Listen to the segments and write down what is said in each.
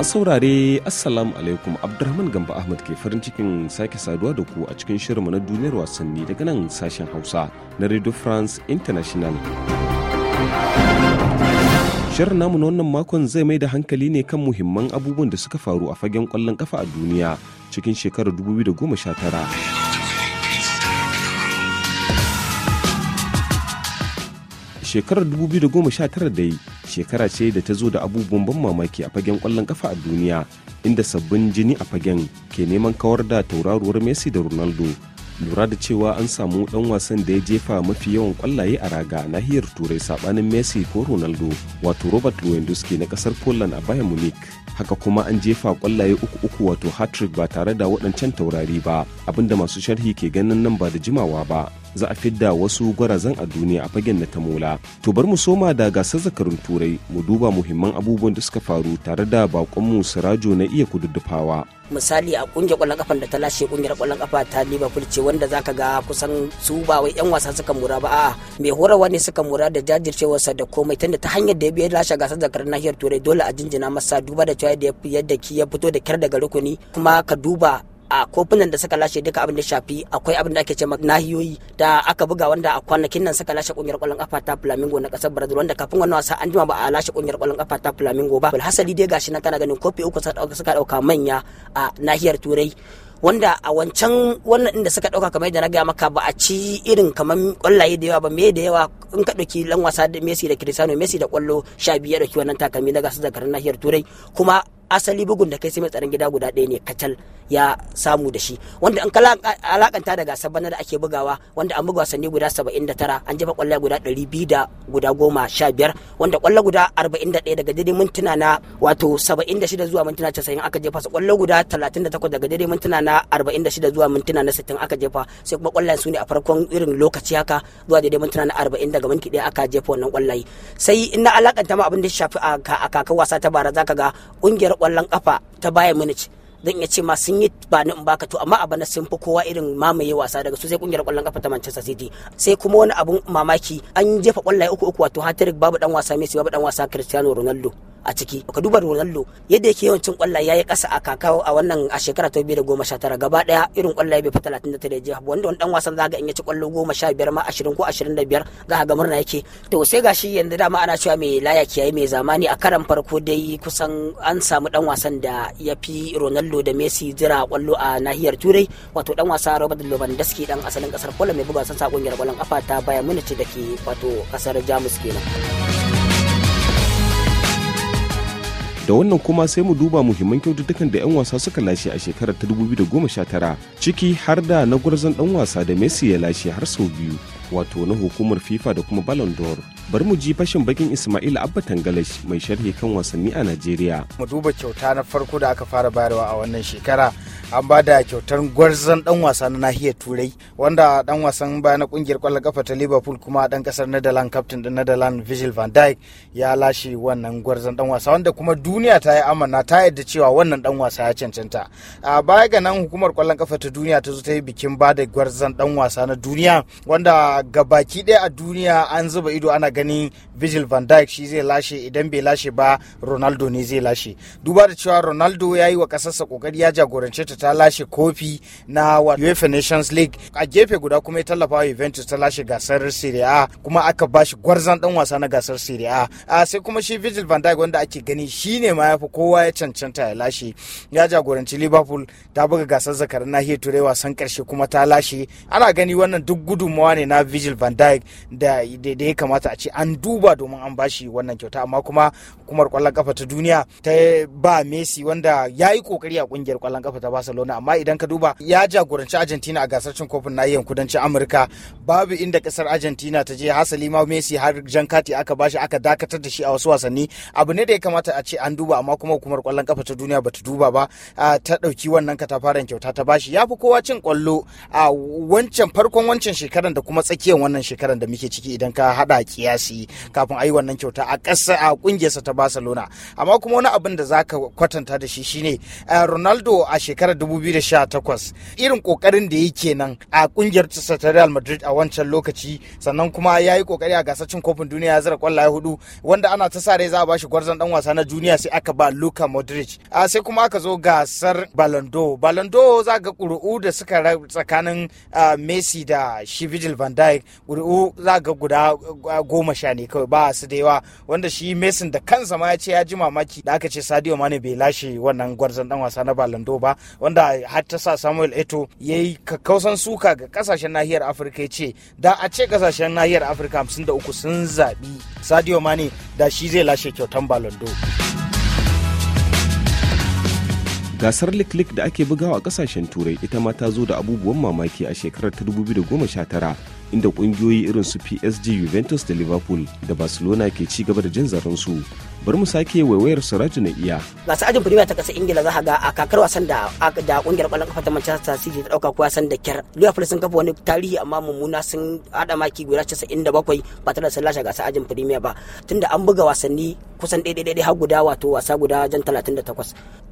masu saurare assalamu alaikum abdulrahman gamba ahmad ke farin cikin sake saduwa da ku a cikin shirma na duniyar wasanni daga nan sashen hausa na radio france international shirin namu na wannan makon zai mai da hankali ne kan muhimman abubuwan da suka faru a fagen kwallon kafa a duniya cikin shekarar 2019 shekarar 2019 dai shekara ce da ta zo da abubuwan ban mamaki a fagen kwallon kafa a duniya inda sabbin jini a fagen ke neman kawar da tauraruwar messi da ronaldo lura da cewa an samu dan wasan da ya jefa mafi yawan kwallaye a raga nahiyar turai sabanin messi ko ronaldo wato robert lewandowski na kasar poland a bayan munich haka kuma an jefa kwallaye uku uku wato hat-trick ba tare da waɗancan taurari ba abinda masu sharhi ke ganin nan ba da jimawa ba za a fidda wasu gwarazan a duniya a fagen na tamola to bar mu soma da gasar zakarun turai mu duba muhimman abubuwan da suka faru tare da bakonmu sirajo na iya kududdufawa misali a kungiyar kwallon kafa da ta lashe kungiyar kwallon kafa ta liverpool ce wanda zaka ga kusan su ba wai yan wasa suka mura ba a mai horarwa ne suka mura da jajircewarsa da komai tunda ta hanyar da ya biya lashe gasar zakarun nahiyar turai dole a jinjina masa duba da cewa yadda ki ya fito da kyar daga rukuni kuma ka duba a kofunan da suka lashe duka abin da shafi akwai abin da ake ce nahiyoyi da aka buga wanda a kwanakin nan suka lashe kungiyar kwallon kafa ta Flamingo na kasar Brazil wanda kafin wannan wasa an jima ba a lashe kungiyar kwallon kafa ta Flamingo ba hasali dai gashi nan kana ganin kofi uku suka dauka manya a nahiyar Turai wanda a wancan wannan inda suka dauka kamar yadda na gaya maka ba a ci irin kamar kwallaye da yawa ba me da yawa in ka dauki lan wasa da Messi da Cristiano Messi da kwallo 12 da dauki wannan takalmi na gasar daga nahiyar Turai kuma asali bugun da kai sai mai tsaron gida guda ɗaya ne kacal ya samu da shi wanda an alakanta da gasar bana da ake bugawa wanda an buga wasanni guda 79 an jefa kwallaye guda 200 da guda 15 wanda kwallo guda 41 daga daidai mintuna na wato 76 zuwa mintuna 90 aka jefa su kwallo guda 38 daga daidai mintuna na 46 zuwa mintuna na 60 aka jefa sai kuma kwallayen su ne a farkon irin lokaci haka zuwa daidai mintuna na 40 daga minti ɗaya aka jefa wannan kwallaye sai in na alakanta ma abin da shafi a kakar wasa ta bara zaka ga kungiyar kwallon kafa ta baya Munich zan ya ce ma sun yi ba ni in baka to amma a bana sun fi kowa irin mamaye wasa daga su sai kungiyar kwallon kafa ta Manchester City sai kuma wani abun mamaki an jefa kwallaye uku uku wato hat babu dan wasa Messi babu dan wasa Cristiano Ronaldo a ciki ka duba Ronaldo yadda yake yawancin kwallaye yayi kasa a kakawo a wannan a shekara ta biyu da tara gaba daya irin kwallaye bai fi tare jiya wanda wani dan wasan zaga in ya ci kwallo biyar ma ashirin ko ashirin za a ga murna yake to sai gashi yanzu dama ana cewa mai laya kiyaye mai zamani a karan farko dai kusan an samu dan wasan da ya fi Ronaldo da Messi jira kwallo a nahiyar Turai wato dan wasa Robert Lewandowski dan asalin kasar Poland mai buga wasan sa kungiyar kwallon kafa ta Bayern Munich da ke wato kasar Jamus kenan da wannan kuma sai mu duba muhimman kyaututtukan da 'yan wasa suka lashe a shekarar ta 2019 ciki har da na gwarzon dan wasa da messi ya lashe har sau biyu wato na hukumar FIFA da kuma Ballon d'Or. Bari mu ji fashin bakin Ismail Abba Tangalash mai sharhi kan wasanni a Najeriya. Mu duba kyauta na farko da aka fara bayarwa a wannan shekara an ba da kyautar gwarzon dan wasa na nahiyar Turai wanda dan wasan baya na kungiyar kwallon kafa ta Liverpool kuma dan kasar nadalan captain din Netherlands Virgil van Dijk ya lashe wannan gwarzon dan wasa wanda kuma duniya ta yi amana ta yadda cewa wannan dan wasa ya cancanta. A baya ga nan hukumar kwallon kafa ta duniya ta zo ta yi bikin ba da gwarzon dan wasa na duniya wanda Ga baki ɗaya a duniya an zuba ido ana ganin Virgil van Dijk shi zai lashe idan bai lashe ba Ronaldo ne zai lashe. Duba da cewa Ronaldo ya yi wa ƙasarsa ƙoƙari ya jagorance ta ta lashe kofi na UEFA Nations League. A gefe guda kuma ya tallafa wa Juventus ta lashe gasar Serie A kuma aka ba shi gwarzan ɗan wasa na gasar Serie A. sai kuma shi Virgil van Dijk wanda ake gani shi ne ma ya fi kowa ya cancanta ya lashe. Ya jagoranci Liverpool ta buga gasar zakarin nahiyar Turai wasan ƙarshe kuma ta lashe. Ana gani wannan duk gudunmawa ne na Virgil van Dijk da ya kamata a ce an duba domin an bashi wannan kyauta amma kuma hukumar kwallon kafa ta duniya ta ba Messi wanda ya yi kokari a kungiyar kwallon kafa ta Barcelona amma idan ka duba ya jagoranci Argentina a gasar cin kofin nahiyar kudancin Amurka babu inda kasar Argentina ta je hasali ma Messi har jan kati aka bashi aka dakatar da shi a wasu wasanni abu ne da ya kamata a ce an duba amma kuma hukumar kwallon kafa ta duniya bata duba ba ta dauki wannan katafaren kyauta ta bashi ya fi kowa cin kwallo a wancan farkon wancan shekaran da kuma tsaki tsakiyar wannan shekarar da muke ciki idan ka hada kiyasi kafin a yi wannan kyauta a ƙasa a kungiyarsa ta Barcelona amma kuma wani abin da zaka kwatanta da shi shine eh, Ronaldo a shekarar 2018 irin kokarin da yake nan a ƙungiyar ta Real Madrid a wancan lokaci sannan kuma ya yi kokari a gasar cin kofin duniya ya zira kwallaye hudu wanda ana ta sa rai za a bashi gwarzon dan wasa na duniya sai aka ba Luka Modric a ah, sai kuma aka zo gasar balando balando Ballon d'Or za ga ƙuri'u da suka tsakanin ah, Messi da shi Virgil van wallahi wuri'u za ga guda goma sha ne kawai ba su da yawa wanda shi mason da kansa ma ya ce ya ji mamaki da aka ce sadio mane bai lashe wannan gwarzon dan wasa na balando ba wanda har ta sa samuel eto ya yi kakkausan suka ga kasashen nahiyar afirka ya ce da a ce kasashen nahiyar afirka hamsin da uku sun zaɓi sadio mane da shi zai lashe kyautan balando. gasar lik-lik da ake bugawa a kasashen turai ita ma ta zo da abubuwan mamaki a shekarar ta 2019 inda kungiyoyi irin su PSG, Juventus da Liverpool da Barcelona ke ci gaba da jin su bari mu sake waiwayar Siraju na iya. Gasar ajin Premier ta kasa Ingila za ga a kakar wasan da da kungiyar kwallon kafa ta Manchester City ta dauka ko wasan da kyar. Liverpool sun kafa wani tarihi amma mummuna sun hada maki guda 97 ba tare da sun lashe gasar ajin Premier ba. Tunda an buga wasanni kusan ɗaya har guda wato wasa guda jan 38.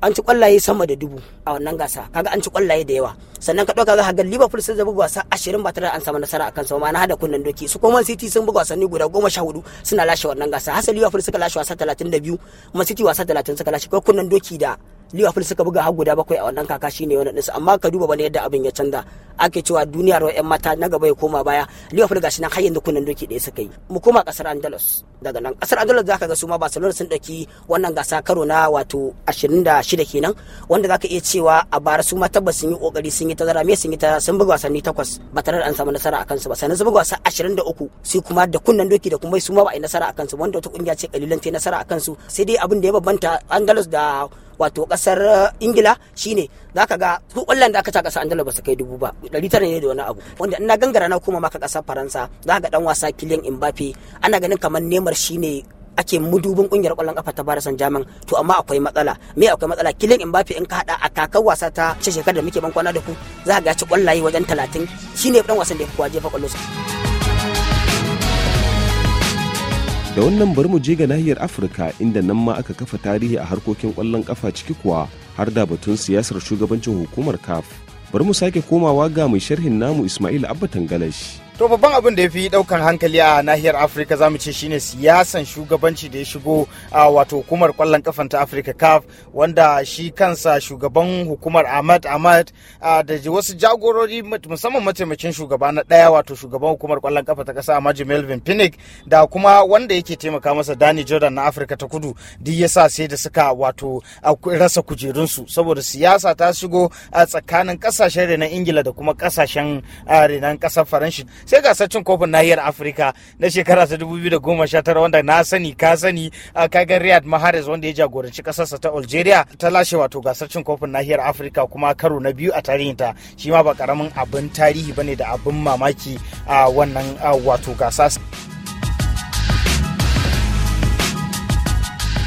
An ci kwallaye sama da dubu a wannan gasa. Kaga an ci kwallaye da yawa. Sannan ka dauka za ga Liverpool sun buga wasa 20 ba tare da an samu nasara akan sa ma na hada kunnen doki. Su kuma City sun buga wasanni guda 14 suna lashe wannan gasa. Hasali Liverpool suka lashe wasa 32 kuma City wasa 30 suka lashe ko kunnan doki da liverpool suka buga har guda bakwai a wannan kaka shine wani ɗinsu amma ka duba bane yadda abin ya canza ake cewa duniya duniyar yan mata na gaba ya koma baya liverpool gashi nan har yanzu kunan doki ɗaya suka yi mu koma kasar andalus daga nan kasar andalus zaka ga su ma barcelona sun ɗauki wannan gasa karo na wato 26 kenan wanda zaka iya cewa a bara su ma tabbas sun yi kokari sun yi tazara me sun yi tazara sun buga wasanni takwas ba tare da an samu nasara akan su ba sannan sun buga wasan 23 su kuma da kunan doki da kuma su ma ba a yi nasara akan su wanda wata kungiya ce kalilan ta nasara akan su sai dai abin da ya babbanta andalus da wato kasar eh, ingila shine za ka ga su kwallon da aka ci a kasar andalus ba su kai dubu ba ɗari tara ne da wani abu wanda ina gangara na kuma maka kasar faransa za ka ga dan wasa kiliyan mbappe ana ganin kamar nemar shine ake mudubin kungiyar kwallon kafa ta barasan Jaman to amma akwai matsala me akwai matsala kilian Mbappe in ka hada a kakar wasa ta shekarar da muke ban kwana da ku za ga ci kwallaye wajen 30 shine dan wasan da ya fi kwaje fa sa. da wannan bari mu je ga nahiyar afirka inda nan ma aka kafa tarihi a harkokin kwallon kafa ciki kuwa har da batun siyasar shugabancin hukumar caf bari mu sake komawa ga mai sharhin namu ismail abba tangalash To babban abin da ya fi daukan hankali a nahiyar Afirka za mu ce shine siyasan shugabanci da ya shigo a wato hukumar kwallon kafan ta Afirka CAF wanda shi kansa shugaban hukumar Ahmad Ahmad da wasu jagorori musamman mataimakin shugaba na daya wato shugaban hukumar kwallon kafa ta kasa Amaji Melvin Pinnick da kuma wanda yake taimaka masa Dani Jordan na Afirka ta Kudu duk sa sai da suka wato rasa kujerunsu saboda siyasa ta shigo a tsakanin kasashen renan Ingila da kuma kasashen renan kasar Faransa sai gasar cin kofin nahiyar afirka na shekara ta 2019 wanda na sani ka sani kagan riyad mahares wanda ya jagoranci kasarsa ta algeria ta lashe wato gasar cin kofin nahiyar afirka kuma karo na biyu a tarihinta shi ma ba karamin abin tarihi bane da abin mamaki a wannan wato gasa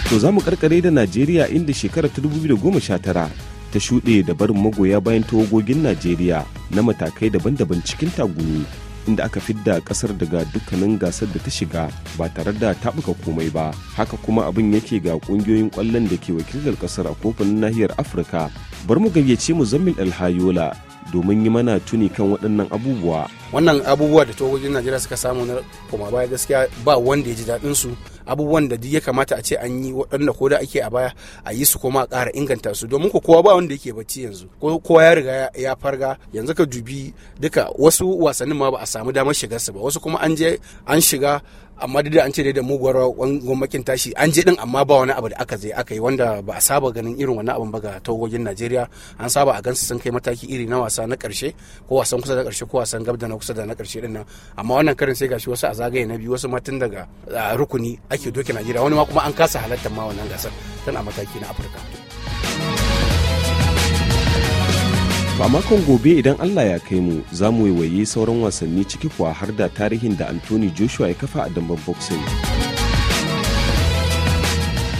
to za mu karkare da najeriya inda shekarar 2019 ta shuɗe da barin magoya bayan tawagogin najeriya na matakai daban-daban cikin tagumi inda aka fidda kasar daga dukkanin gasar da ta shiga ba tare da tabuka komai ba haka kuma abin yake ga ƙungiyoyin kwallon da ke wakiltar kasar a kofin nahiyar afirka bar mu gayyace zamil alhayola domin yi mana tuni kan waɗannan abubuwa wannan abubuwa da tawagogin najeriya suka samu na koma baya gaskiya ba wanda ya ji daɗin su abubuwan da ya kamata a ce an yi waɗanda ko da ake a baya a yi su kuma a ƙara inganta su domin ko kowa ba wanda yake bacci yanzu ko kowa ya riga ya farga yanzu ka dubi duka wasu wasannin ma ba a samu damar shiga su ba wasu kuma an je an shiga amma duk da an ce dai da muguwar gwamnatin tashi an je din amma ba wani abu da aka je aka yi wanda ba a saba ganin irin wannan abin ba ga tawagogin Najeriya an saba a gansu sun kai mataki iri na wasa na karshe ko wasan kusa da karshe ko wasan gabda na kusa da na karshe din nan amma wannan karin sai gashi wasu a zagaye na biyu wasu ma tun daga rukuni ake doke najeriya wani ma kuma an kasa halartar ma wannan gasar tana mataki na afirka a makon gobe idan allah ya kai mu za mu waiwaye sauran wasanni ciki kuwa har da tarihin da anthony joshua ya kafa a damben boxing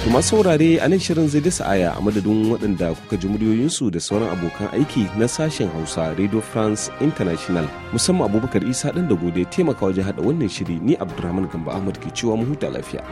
kuma saurare a nan shirin zai dasa aya a madadin waɗanda kuka ji muryoyinsu da sauran abokan aiki na sashen hausa radio france international musamman abubakar isa ɗan da gode taimaka wajen haɗa wannan shiri ni abdulrahman gamba ahmad ke cewa mu huta lafiya.